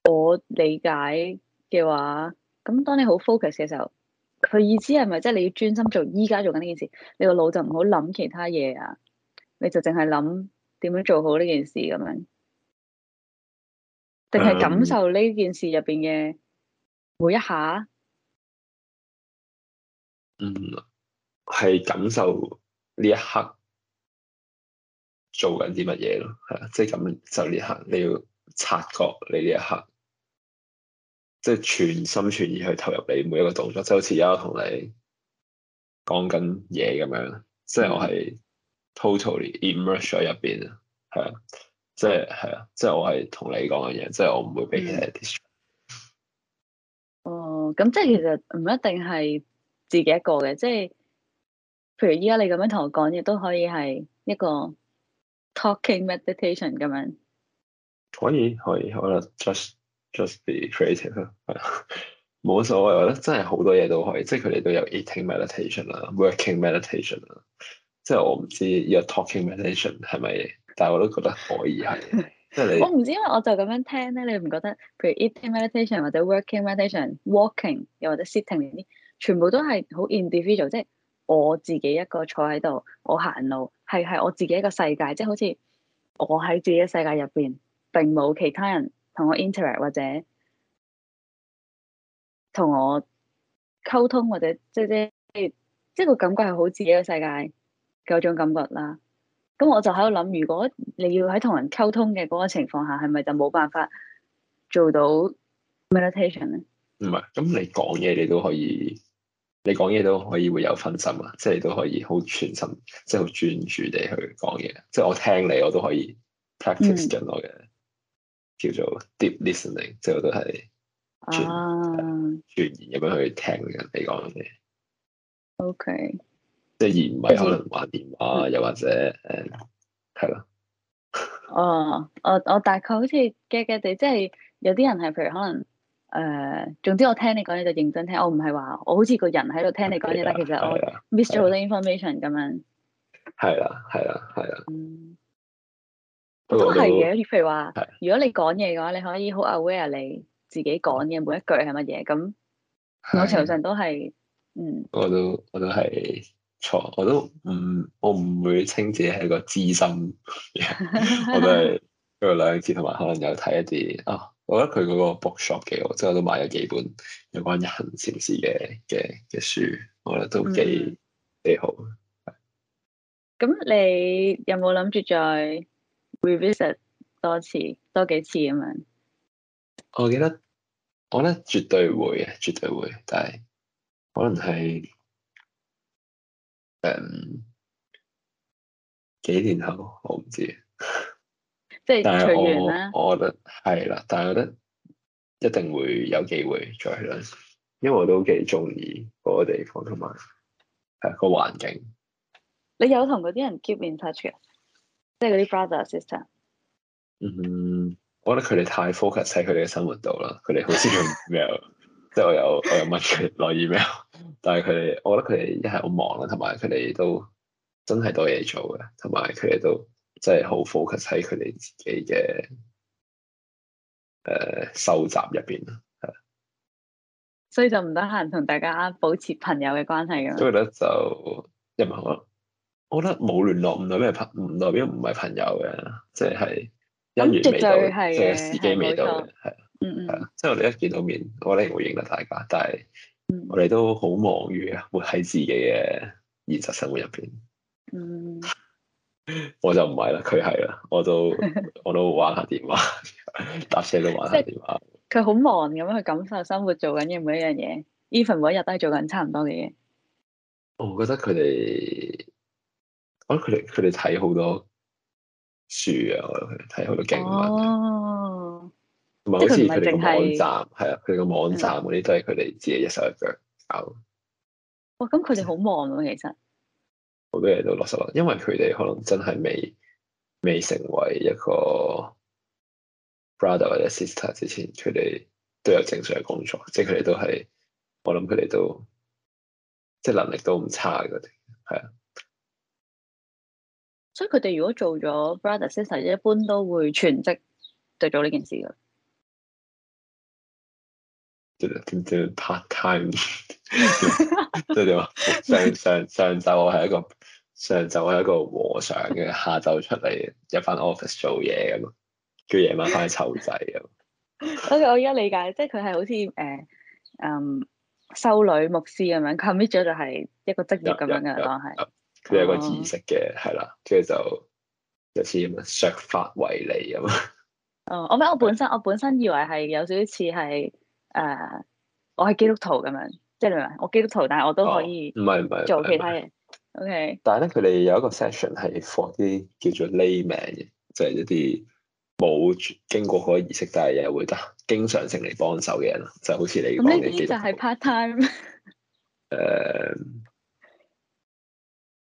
我理解嘅話，咁當你好 focus 嘅時候，佢意思係咪即係你要專心做依家做緊呢件事？你個腦就唔好諗其他嘢啊？你就淨係諗點樣做好呢件事咁樣，定係感受呢件事入邊嘅每一下？嗯，係感受呢一刻做緊啲乜嘢咯，係啊，即係咁就呢一刻你要察覺你呢一刻，即係全心全意去投入你每一個動作，就好似而家我同你講緊嘢咁樣，嗯、即係我係。Totally immerse 喺入邊啊，係啊，即係，係啊，即係我係同你講嘅嘢，即係我唔會俾其他啲。哦，咁即係其實唔一定係自己一個嘅，即係譬如依家，你咁樣同我講，亦都可以係一個 talking meditation 咁樣。可以可以，我咧 just just be creative，冇所謂，我覺得真係好多嘢都可以，即係佢哋都有 eating meditation 啦，working meditation 啦。即係我唔知 your talking meditation 係咪，但係我都覺得可以係。即係你我唔知，因為我，我就咁樣聽咧，你唔覺得？譬如 eating meditation 或者 working meditation、walking 又或者 sitting 嗰啲，全部都係好 individual，即係我自己一個坐喺度，我行路係係我自己一個世界，即係好似我喺自己嘅世界入邊並冇其他人同我 interact 或者同我溝通或者即即即即個感覺係好自己嘅世界。有種感覺啦，咁我就喺度諗，如果你要喺同人溝通嘅嗰個情況下，係咪就冇辦法做到 meditation 咧？唔係，咁你講嘢你都可以，你講嘢都可以會有分心啊，即係你都可以好全心，即係好專注地去講嘢。即係我聽你，我都可以 practice 緊我嘅、嗯、叫做 deep listening，即係我都係全全然咁樣去聽人你，你講嘢。OK。即係而唔係可能玩電話，又或者誒係咯。哦，我我大概好似 get get 地，即係有啲人係譬如可能誒、呃，總之我聽你講嘢就認真聽。我唔係話我好似個人喺度聽你講嘢，但其實我 miss 咗好多 information 咁樣。係啦，係啦，係啦。嗯，都係嘅。譬如話，如果你講嘢嘅話，你可以好 aware 你自己講嘅每一句係乜嘢。咁我程度上都係，嗯，我都。我都我都係。錯，我都唔、嗯，我唔會稱自己係個資深， (laughs) 我都係做兩次，同埋 (laughs) 可能有睇一啲啊，我覺得佢嗰個 bookshop 幾好，即係我都買咗幾本有關一行禪師嘅嘅嘅書，我覺得都幾幾、嗯、好。咁你有冇諗住再 revisit 多次多幾次咁樣？我記得，我咧絕對會嘅，絕對會，但係可能係。嗯，幾年後我唔知，即係隨緣啦。 (laughs) 我覺得係啦，但係我覺得一定會有機會再去咯，因為我都幾中意嗰個地方同埋嗰個環境。你有同嗰啲人 keep in touch 嘅？即係嗰啲 brother sister 嗯。嗯，我覺得佢哋太 focus 喺佢哋嘅生活度啦，佢哋好少用 email。 (laughs) 即係我有我有問佢落 email。 (laughs) 但係佢哋，我覺得佢哋一係好忙啦，同埋佢哋都真係多嘢做嘅，同埋佢哋都真係好 focus 喺佢哋自己嘅誒、呃、收集入邊，係，所以就唔得閒同大家保持朋友嘅關係咯。我覺得就一唔係我，我覺得冇聯絡唔代表朋唔代表唔係朋友嘅，即係因緣未到，即係時機未到，係係即係我哋一見到面，我哋會認得大家，但係。我哋都好忙於活喺自己嘅現實生活入邊。嗯， (laughs) 我就唔係啦，佢係啦，我都 (laughs) 我都玩下電話， (laughs) 搭車都玩下電話。佢好忙咁樣去感受生活，做緊嘅每一樣嘢。Even 每一日都係做緊差唔多嘅嘢。我覺得佢哋，我覺得佢哋佢哋睇好多書啊，睇好多經文。好似佢哋網站係啊，佢哋個網站嗰啲都係佢哋自己一手一腳搞。哇！咁佢哋好忙喎，啊，其實好多嘢都落手落，因為佢哋可能真係未未成為一個 brother 或者 sister 之前，佢哋都有正常嘅工作，即係佢哋都係我諗佢哋都即係能力都唔差嘅。係啊，所以佢哋如果做咗 brother sister，一般都會全職對做呢件事㗎。part time，即係點啊？上上上晝我係一個上晝係一個和尚嘅，下晝出嚟入翻 office 做嘢咁，叫夜晚翻去湊仔咁。好似我而家理解，即係佢係好似誒，嗯，修女、牧師咁樣 commit 咗，就係一個職業咁樣嘅。當係佢有一個儀式嘅，係、哦、啦，跟住就類似咩削發為尼咁。哦，我咩？我本身我本身以為係有少少似係。誒，uh, 我係基督徒咁樣，即係你話我基督徒，但係我都可以唔係唔係做其他嘢。O、okay. K。但係咧，佢哋有一個 session 係 for 啲叫做 layman 嘅，就係、是、一啲冇經過嗰個儀式，但係又會得經常性嚟幫手嘅人就好似你咁呢啲就係 part time uh,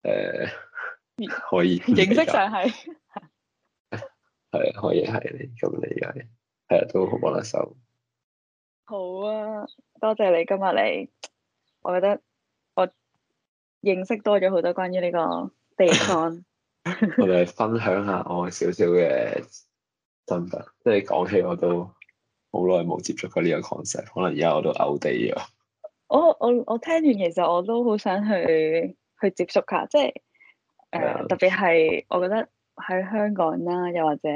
uh, (laughs) 以。誒誒 (laughs) 可以認識就係係可以係，咁理解，係呀都好幫得手。好啊，多謝你今日嚟，我覺得我認識多咗好多關於呢、這個地方。我哋分享下我少少嘅心得，即係講起我都好耐冇接觸過呢個 concept，可能而家我都 out 啲啊。我我我聽完其實我都好想去去接觸下，即係誒，特別係我覺得喺香港啦，又或者，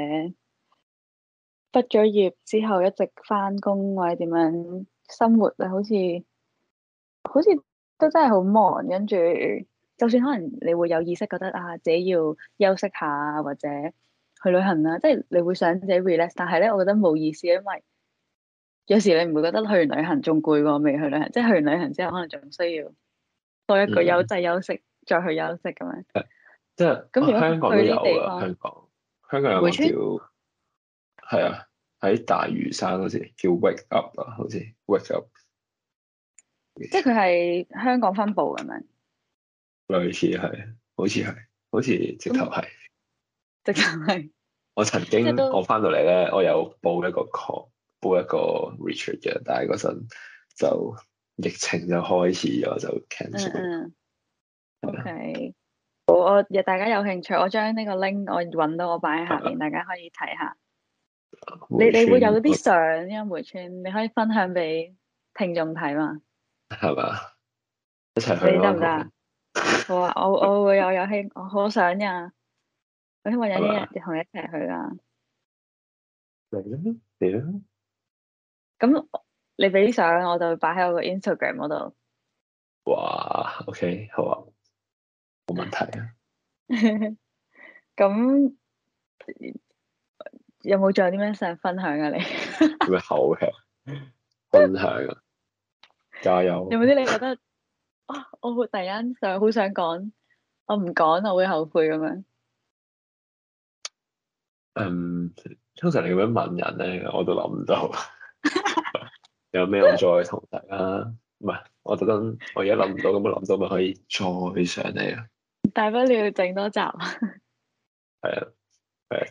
畢咗業之後一直翻工，或者點樣生活啊，好似好似都真係好忙，跟住就算可能你會有意識覺得啊自己要休息下或者去旅行啊，即係你會想自己 relax，但係咧我覺得冇意思，因為有時你唔會覺得去完旅行仲攰過未去旅行，即係去完旅行之後可能仲需要多一個休制、嗯、休息再去休息咁樣。即係咁，嗯、如果香港都有啦。香港香港，香港有個叫係啊，喺大嶼山嗰時好似叫 Wake Up 啊，好似 Wake Up，即係佢係香港分部咁樣，類似係，好似係，好似直頭係、嗯、直頭係。我曾經我翻到嚟咧，我有報一個 call，報一個 retreat 嘅，但係嗰陣就疫情就開始咗，就 cancel。O K，好，我大家有興趣，我將呢個 link 我揾到，我擺喺下面，啊、大家可以睇下。你你會有啲相啊，梅村，你可以分享俾聽眾睇嘛？係嘛？一齊去得唔得？好啊， (laughs) 我我，我會有有希，我好想呀、啊，我希望有啲人同你一齊去啦、啊。嚟啦，嚟啦！咁你俾啲相，我就擺喺我個 Instagram 嗰度。哇，OK，好啊，冇問題啊。咁。 (laughs) 有冇再啲咩想分享啊？你咩口吃？分享啊？加油！有冇啲你覺得啊、 (laughs) 哦？我突然想好想講，我唔講我會後悔咁樣。嗯，通常你咁樣問人咧，我都諗唔到。 (laughs) (laughs) 有咩我再同大家？唔係，我特登我而家諗唔到，咁嘅諗到咪可以再上嚟啊？大不了整多集。係啊。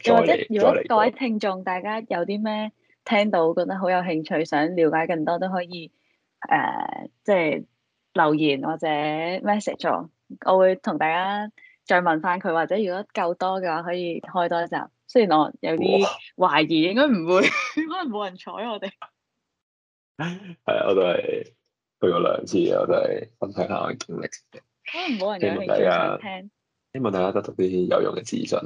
又或者，如果各位聽眾大家有啲咩聽到覺得好有興趣，想了解更多都可以誒、呃，即係留言或者 message 我，我會同大家再問翻佢，或者如果夠多嘅話，可以開多一集。雖然我有啲懷疑，應該唔會，可能冇人睬我哋。係、 (laughs) 哎、我都係去過兩次，我都係分享下我嘅經歷。啊、冇人有興趣，希望大家，聽希望大家得到啲有用嘅資訊。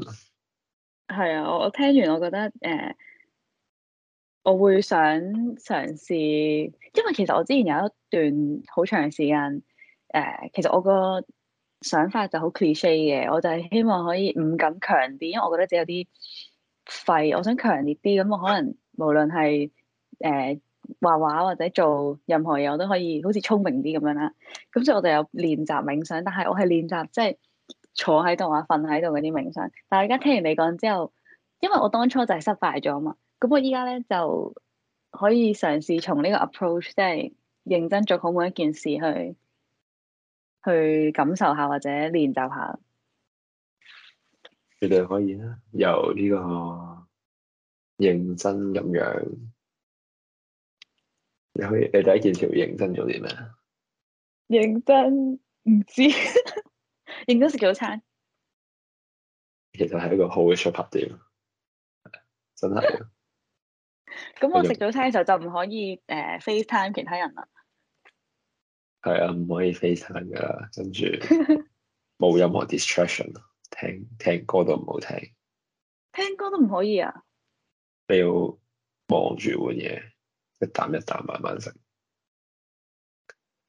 係啊，我我聽完我覺得，誒、呃，我會想嘗試，因為其實我之前有一段好長時間，誒、呃，其實我個想法就好 cliche 嘅，我就係希望可以唔敢強啲，因為我覺得自己有啲廢，我想強烈啲，咁我可能無論係誒畫畫或者做任何嘢，我都可以好似聰明啲咁樣啦。咁所以我就有練習冥想，但係我係練習即係。就是坐喺度啊，瞓喺度嗰啲冥想。但係而家聽完你講之後，因為我當初就係失敗咗啊嘛。咁我依家咧就可以嘗試從呢個 approach，即係認真做好每一件事去去感受下或者練習下。你哋可以啦，由呢個認真咁樣，你可以你第一件事要認真做啲咩？認真唔知。 (laughs) 認真食早餐，其實係一個好嘅 s h o p 出發點，真係。咁 (laughs) 我食早餐嘅時候就唔可以誒、uh, FaceTime 其他人啦。係啊，唔可以 FaceTime 噶，跟住冇任何 distraction，聽聽歌都唔好聽。聽歌都唔可以啊！你要望住碗嘢，一啖一啖慢慢食。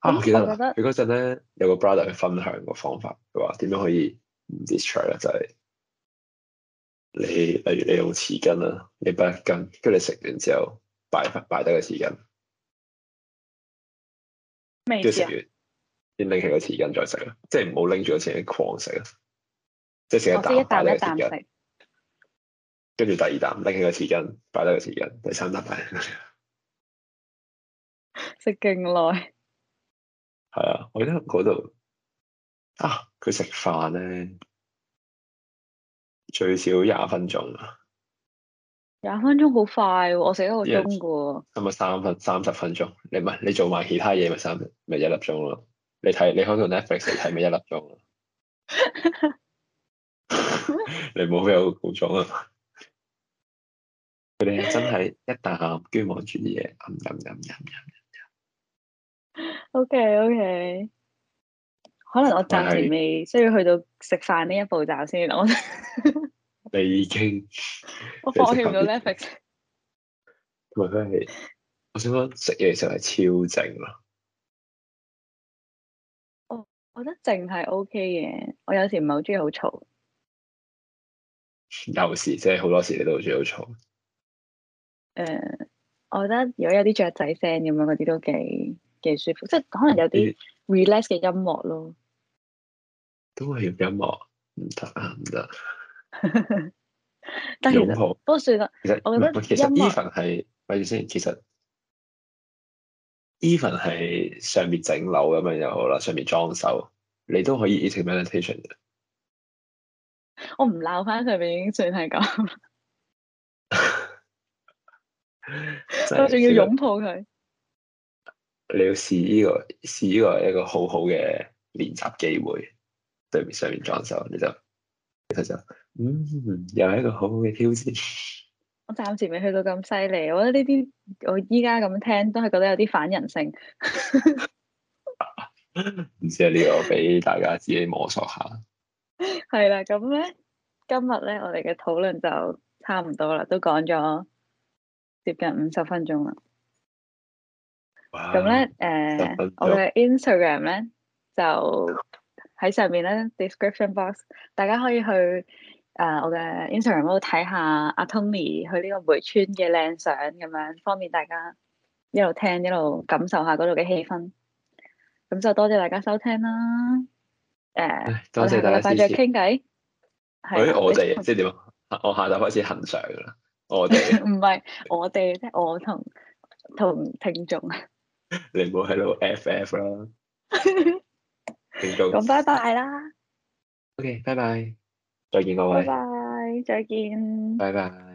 我記得佢嗰陣咧有個 brother 去分享個方法，佢話點樣可以唔 destroy 咧，就係你例如你用匙羹啊，你擺一羹，跟住你食完之後擺擺低個匙羹，跟住食完先拎起個匙羹再食啦，即係唔好拎住個匙羹狂食啦，即係食一啖一啖食，跟住第二啖拎起個匙羹，擺低個匙羹，第三啖擺食勁耐。係啊，啊，我記得嗰度啊，佢食飯咧最少廿分鐘啊，廿分鐘好快喎，我食一個鐘噶喎。咁咪三分三十分鐘，你唔係你做埋其他嘢咪三咪一粒鐘咯？你睇你開個 Netflix 睇咪一粒鐘咯？你冇 feel 好鐘啊？佢哋真係一啖，居望住啲嘢，飲飲飲飲 O K，O K，可能我暫時未需是要去到食飯呢一步驟先。我 (laughs) 你已經我放棄唔到 Netflix。同埋佢係我想講食嘢時候係超靜咯。我我覺得靜係 O K 嘅，我有時唔係好中意好嘈。有時即係好多時你都好中意好嘈。誒，uh, 我覺得如果有啲雀仔聲咁樣，嗰啲都幾，幾舒服，即係可能有啲 relax 嘅音樂咯，都係要音樂唔得啊，唔得，但擁抱都算啦。其實我覺得音樂係，喂住先。其實 even 係上面整樓咁樣又好啦，上面裝修你都可以 eating meditation。我唔鬧翻上面已經算係咁，我仲要擁抱佢。你要試呢個，試呢個係一個好好嘅練習機會，對面上面裝修你就佢就嗯，嗯，又係一個好好嘅挑戰。我暫時未去到咁犀利，我覺得呢啲我依家咁聽都係覺得有啲反人性。唔 (laughs) (laughs) (laughs) 知啊，呢個俾大家自己摸索下。係啦， (laughs) 咁咧，今日咧，我哋嘅討論就差唔多啦，都講咗接近五十分鐘啦。咁咧，誒，我嘅 Instagram 咧就喺上面咧 description box，大家可以去誒我嘅 Instagram 度睇下阿 Tony 去呢個梅村嘅靚相咁樣，方便大家一路聽一路感受下嗰度嘅氣氛。咁就多謝大家收聽啦，誒，多謝大家，快啲傾偈。係、哎，我哋即係點？我下集開始行上啦，我哋唔係我哋，即係我同同聽眾你冇喺度 FF 咯，咁拜拜啦。OK，拜拜，再見各位。拜拜，再見。拜拜。